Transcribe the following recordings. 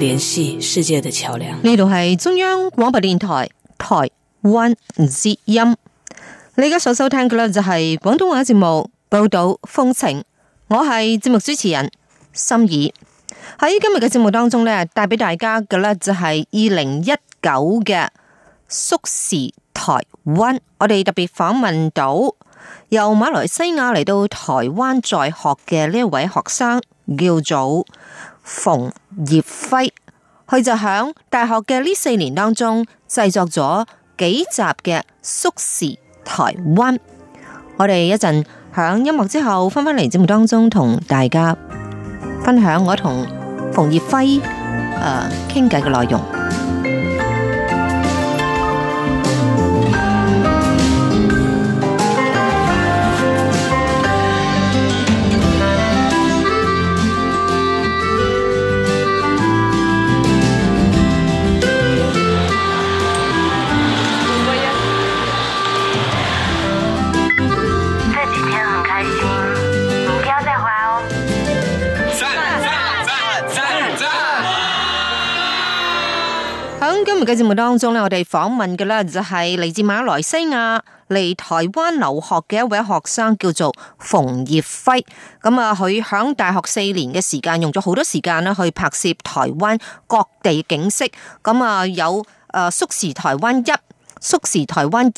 聯繫世界的橋樑。呢度係中央廣播電台台灣之音。你而家所收聽嘅呢，就係廣東話節目報道風情。我係節目主持人心儀。喺今日嘅節目當中呢，帶俾大家嘅呢，就係二零一九嘅縮時台灣。我哋特別訪問到由馬來西亞嚟到台灣在學嘅呢一位學生，叫做。馮業輝，佢就響大學嘅呢四年當中製作咗幾集嘅縮時台灣。我哋一陣響音樂之後，翻返嚟節目當中同大家分享我同馮業輝誒傾偈嘅內容。今日嘅節目當中咧，我哋訪問嘅咧就係嚟自馬來西亞嚟台灣留學嘅一位學生，叫做馮業輝。咁啊，佢響大學四年嘅時間，用咗好多時間呢去拍攝台灣各地景色。咁啊，有誒《縮時台灣一》、《縮時台灣二》。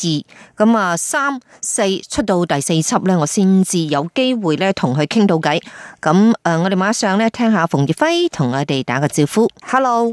咁啊，三四出到第四輯呢，我先至有機會咧同佢傾到偈。咁誒，我哋馬上咧聽下馮業輝同我哋打個招呼。Hello。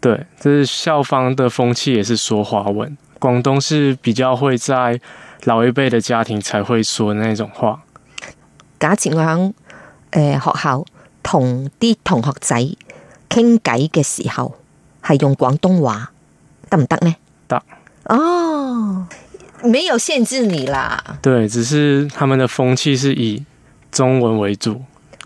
對，就是校方的風氣也是說華文。廣東是比較會在老一輩的家庭才會說那種話。假設我響誒、呃、學校同啲同學仔傾偈嘅時候係用廣東話，得唔得呢？得。哦，oh, 沒有限制你啦。對，只是他們的風氣是以中文為主。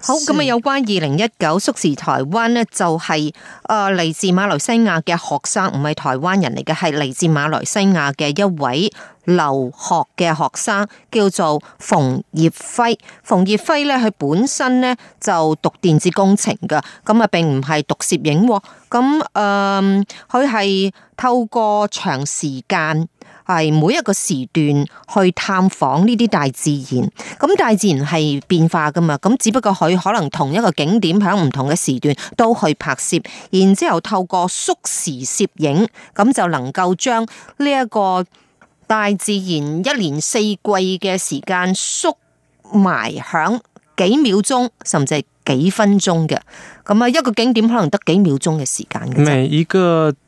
好咁啊！有關二零一九，縮時台灣咧就係誒嚟自馬來西亞嘅學生，唔係台灣人嚟嘅，係嚟自馬來西亞嘅一位留學嘅學生，叫做馮業輝。馮業輝咧，佢本身咧就讀電子工程噶，咁啊，並唔係讀攝影咁。誒、嗯，佢係透過長時間。係每一個時段去探訪呢啲大自然，咁大自然係變化噶嘛，咁只不過佢可能同一個景點響唔同嘅時段都去拍攝，然之後透過縮時攝影，咁就能夠將呢一個大自然一年四季嘅時間縮埋響幾秒鐘，甚至係幾分鐘嘅。咁啊，一個景點可能得幾秒鐘嘅時間嘅。每一個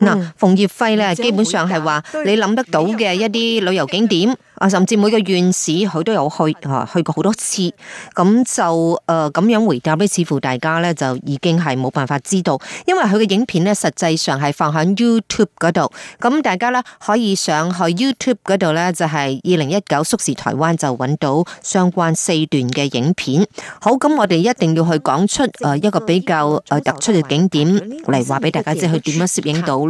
嗱、嗯，馮業輝咧，基本上係話你諗得到嘅一啲旅遊景點啊，甚至每個縣市佢都有去，啊去過好多次。咁就誒咁樣回答咧，似乎大家咧就已經係冇辦法知道，因為佢嘅影片咧實際上係放喺 YouTube 度。咁大家咧可以上去 YouTube 度咧，就係二零一九縮時台灣就揾到相關四段嘅影片。好，咁我哋一定要去講出誒一個比較誒突出嘅景點嚟話俾大家知，佢點樣攝影到。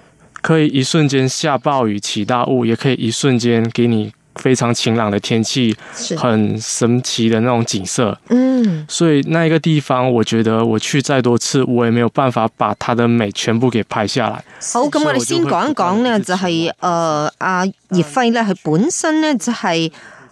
可以一瞬間下暴雨起大霧，也可以一瞬間給你非常晴朗的天氣，很神奇的那種景色。嗯，所以那一個地方，我覺得我去再多次，我也沒有辦法把它的美全部給拍下來。好，咁我哋先講一講、就是，呢就係呃阿業輝呢佢本身呢就係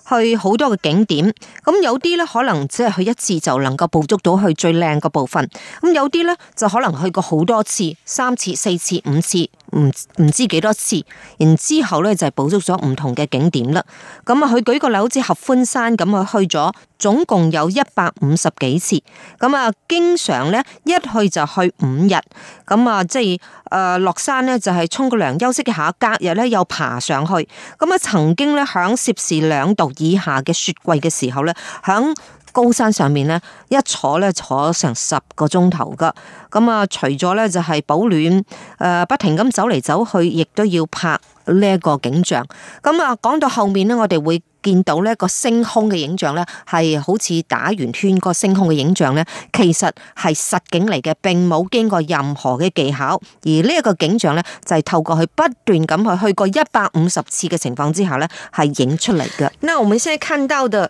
去好多嘅景點，咁有啲呢，可能只係去一次就能夠捕捉到佢最靚嘅部分，咁有啲呢，就可能去過好多次，三次、四次、五次。唔唔知幾多次，然之後咧就係、是、捕捉咗唔同嘅景點啦。咁、嗯、啊，佢舉個例好似合歡山咁啊去咗，總共有一百五十幾次。咁、嗯、啊，經常呢一去就去五日。咁、嗯、啊，即係誒落山呢，就係、是、沖個涼休息一下，隔日呢，又爬上去。咁、嗯、啊，曾經呢，響攝氏兩度以下嘅雪季嘅時候呢。響。高山上面咧，一坐咧坐成十個鐘頭㗎。咁啊，除咗咧就係保暖，誒，不停咁走嚟走去，亦都要拍呢一個景象。咁啊，講到後面咧，我哋會見到呢一個星空嘅影像咧，係好似打圓圈個星空嘅影像咧，其實係實景嚟嘅，並冇經過任何嘅技巧。而呢一個景象咧，就係透過佢不斷咁去去過一百五十次嘅情況之下咧，係影出嚟嘅。那我們現在看到的。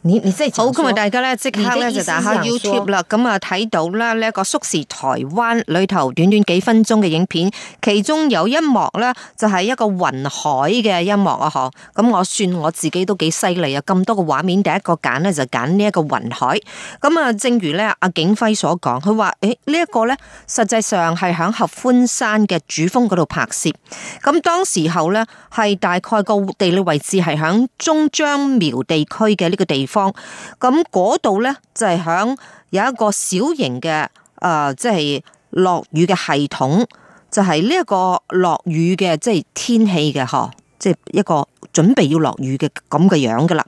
即好，咁啊！大家咧即刻咧就打開 YouTube 啦，咁啊睇到啦呢一個縮時台灣裏頭短短幾分鐘嘅影片，其中有一幕咧就係一個雲海嘅一幕啊！嗬，咁我算我自己都幾犀利啊！咁多個畫面第一個揀咧就揀呢一個雲海，咁啊，正如咧阿業輝所講，佢話誒呢一個咧實際上係響合歡山嘅主峰嗰度拍攝，咁當時候咧係大概個地理位置係響中彰苗地區嘅呢個地方。方咁嗰度咧，就係響有一個小型嘅誒，即係落雨嘅系統，就係呢一個落雨嘅即係天氣嘅嗬，即係一個準備要落雨嘅咁嘅樣噶啦。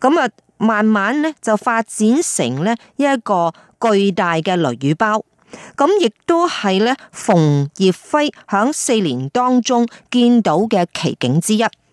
咁啊，慢慢咧就發展成咧一個巨大嘅雷雨包，咁亦都係咧馮業輝響四年當中見到嘅奇景之一。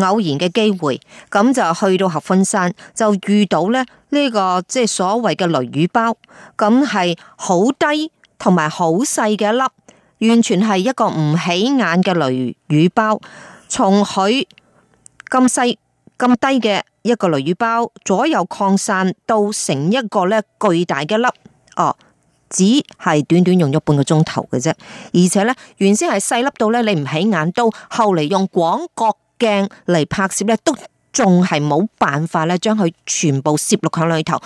偶然嘅機會，咁就去到合歡山，就遇到咧呢、這個即係所謂嘅雷雨包，咁係好低同埋好細嘅一粒，完全係一個唔起眼嘅雷雨包。從佢咁細咁低嘅一個雷雨包，左右擴散到成一個咧巨大嘅粒，哦，只係短短用咗半個鐘頭嘅啫。而且咧，原先係細粒到咧你唔起眼，都，後嚟用廣角。鏡嚟拍攝咧，都仲係冇辦法咧，將佢全部攝錄響裏頭。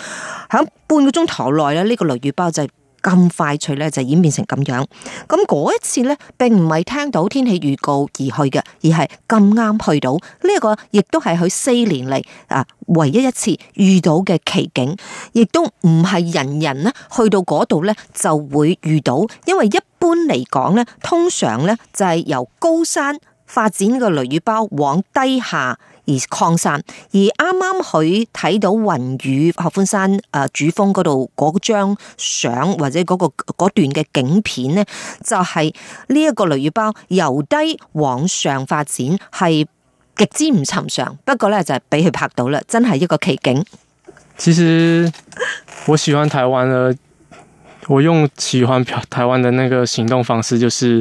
響半個鐘頭內咧，呢個雷雨包就咁快脆咧，就演變成咁樣。咁嗰一次咧，並唔係聽到天氣預告而去嘅，而係咁啱去到呢個，亦都係佢四年嚟啊唯一一次遇到嘅奇景，亦都唔係人人去到嗰度咧就會遇到，因為一般嚟講咧，通常咧就係由高山。發展呢個雷雨包往低下而擴散，而啱啱佢睇到雲雨合歡山誒、啊、主峰嗰度嗰張相或者嗰、那個段嘅景片呢就係呢一個雷雨包由低往上發展，係極之唔尋常。不過呢，就係俾佢拍到啦，真係一個奇景。其實我喜歡台灣嘅， 我用喜歡台灣嘅那個行動方式，就是。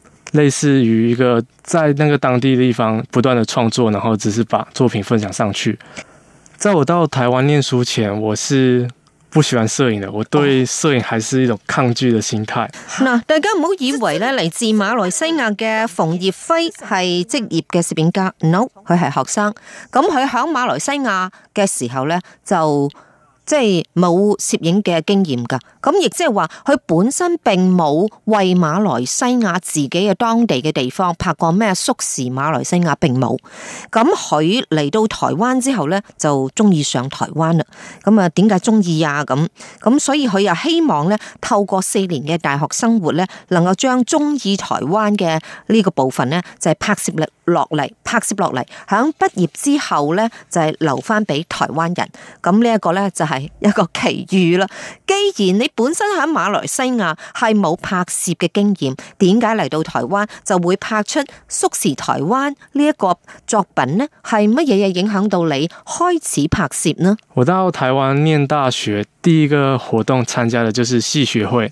類似於一個在那個當地地方不斷的創作，然後只是把作品分享上去。在我到台灣念書前，我是不喜歡攝影的，我對攝影還是一種抗拒的心態。Oh. 大家唔好以為呢，來自馬來西亞嘅馮業輝係職業嘅攝影家，no，佢係學生。咁佢響馬來西亞嘅時候呢，就。即係冇攝影嘅經驗噶，咁亦即係話佢本身並冇為馬來西亞自己嘅當地嘅地方拍過咩縮時馬來西亞並冇，咁佢嚟到台灣之後呢，就中意上台灣啦，咁啊點解中意啊咁？咁所以佢又希望呢，透過四年嘅大學生活呢，能夠將中意台灣嘅呢個部分呢，就係、是、拍攝力。落嚟拍攝落嚟，響畢業之後呢，就係留翻俾台灣人，咁呢一個呢，就係、是、一個奇遇啦。既然你本身喺馬來西亞係冇拍攝嘅經驗，點解嚟到台灣就會拍出《縮時台灣》呢、這、一個作品呢？係乜嘢嘢影響到你開始拍攝呢？我到台灣念大學，第一個活動參加嘅就是係學會。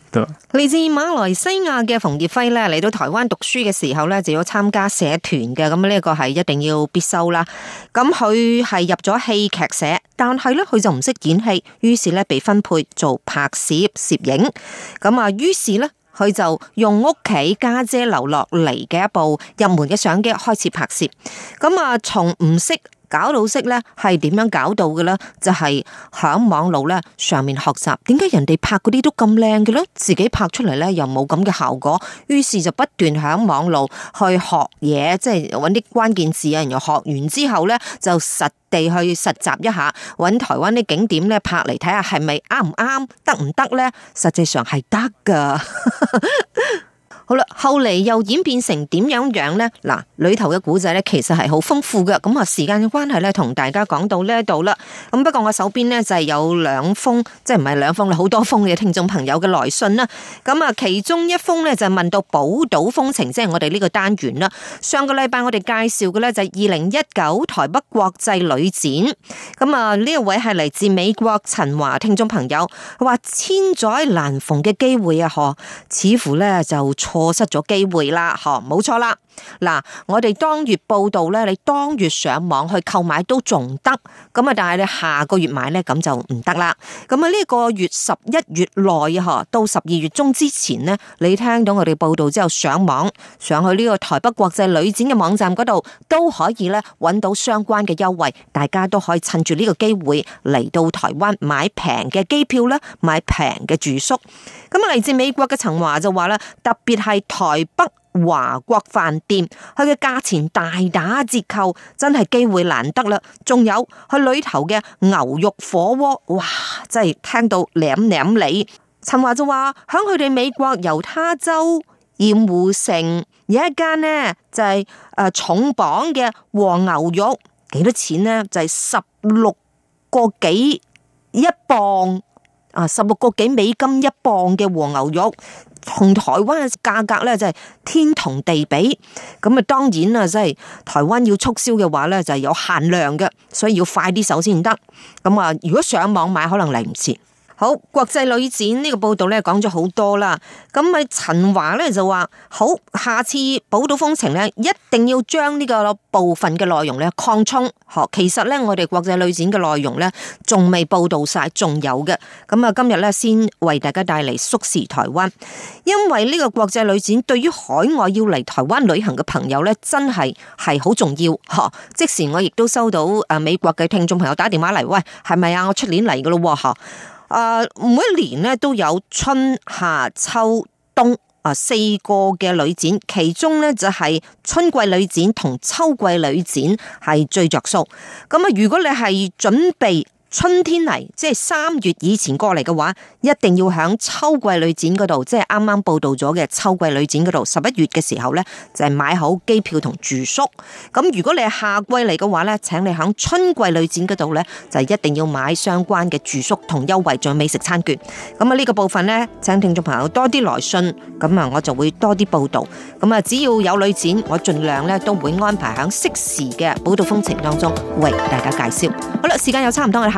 嚟自馬來西亞嘅馮業輝咧，嚟到台灣讀書嘅時候咧，就要參加社團嘅，咁呢個係一定要必修啦。咁佢係入咗戲劇社，但係呢，佢就唔識演戲，於是呢，被分配做拍攝攝影。咁、嗯、啊，於是呢，佢就用屋企家姐留落嚟嘅一部入門嘅相機開始拍攝。咁、嗯、啊，從唔識。搞到識咧，係點樣搞到嘅呢？就係喺網路咧上面學習，點解人哋拍嗰啲都咁靚嘅呢？自己拍出嚟咧又冇咁嘅效果，於是就不斷喺網路去學嘢，即係揾啲關鍵字啊，然後學完之後咧就實地去實習一下，揾台灣啲景點咧拍嚟睇下係咪啱唔啱，得唔得呢？實際上係得噶。好啦，後嚟又演變成點樣樣呢？嗱、呃，裏頭嘅古仔呢，其實係好豐富嘅。咁啊，時間嘅關係呢，同大家講到呢度啦。咁不過我手邊呢，就係、是、有兩封，即係唔係兩封啦，好多封嘅聽眾朋友嘅來信啦。咁啊，其中一封呢，就是、問到寶島風情，即、就、係、是、我哋呢個單元啦。上個禮拜我哋介紹嘅呢，就係二零一九台北國際旅展。咁啊，呢一位係嚟自美國陳華聽眾朋友，佢話千載難逢嘅機會啊，嗬，似乎呢就錯。過失咗機會啦，嗬、哦，冇錯啦。嗱，我哋當月報道咧，你當月上網去購買都仲得，咁啊，但係你下個月買咧，咁就唔得啦。咁啊，呢個月十一月內到十二月中之前呢，你聽到我哋報道之後，上網上去呢個台北國際旅展嘅網站嗰度，都可以咧揾到相關嘅優惠，大家都可以趁住呢個機會嚟到台灣買平嘅機票啦，買平嘅住宿。咁啊，嚟自美國嘅陳華就話啦。特別係。係台北華國飯店，佢嘅價錢大打折扣，真係機會難得啦！仲有佢裏頭嘅牛肉火鍋，哇，真係聽到舐舐脷。陳華就話響佢哋美國猶他州鹽湖城有一間呢，就係、是、誒重磅嘅黃牛肉，幾多錢呢？就係十六個幾一磅。啊！十六個幾美金一磅嘅和牛肉，同台灣嘅價格咧就係天同地比，咁啊當然啦，即係台灣要促銷嘅話咧就係有限量嘅，所以要快啲手先得。咁啊，如果上網買可能嚟唔切。好，國際旅展呢個報道咧講咗好多啦，咁咪陳華咧就話好，下次寶島風情咧一定要將呢個部分嘅內容咧擴充。嗬，其實咧我哋國際旅展嘅內容咧仲未報道晒，仲有嘅。咁啊，今日咧先為大家帶嚟縮時台灣，因為呢個國際旅展對於海外要嚟台灣旅行嘅朋友咧，真係係好重要。嗬，即時我亦都收到誒美國嘅聽眾朋友打電話嚟，喂，係咪啊？我出年嚟噶咯，每一年咧都有春夏秋冬啊四個嘅旅展，其中咧就係春季旅展同秋季旅展係最着數。咁啊，如果你係準備。春天嚟，即係三月以前過嚟嘅話，一定要響秋季旅展嗰度，即係啱啱報道咗嘅秋季旅展嗰度，十一月嘅時候咧，就係買好機票同住宿。咁如果你係夏季嚟嘅話咧，請你響春季旅展嗰度咧，就一定要買相關嘅住宿同優惠，仲有美食餐券。咁啊，呢個部分咧，請聽眾朋友多啲來信，咁啊，我就會多啲報道。咁啊，只要有旅展，我盡量咧都會安排響適時嘅報道風情當中為大家介紹。好啦，時間又差唔多，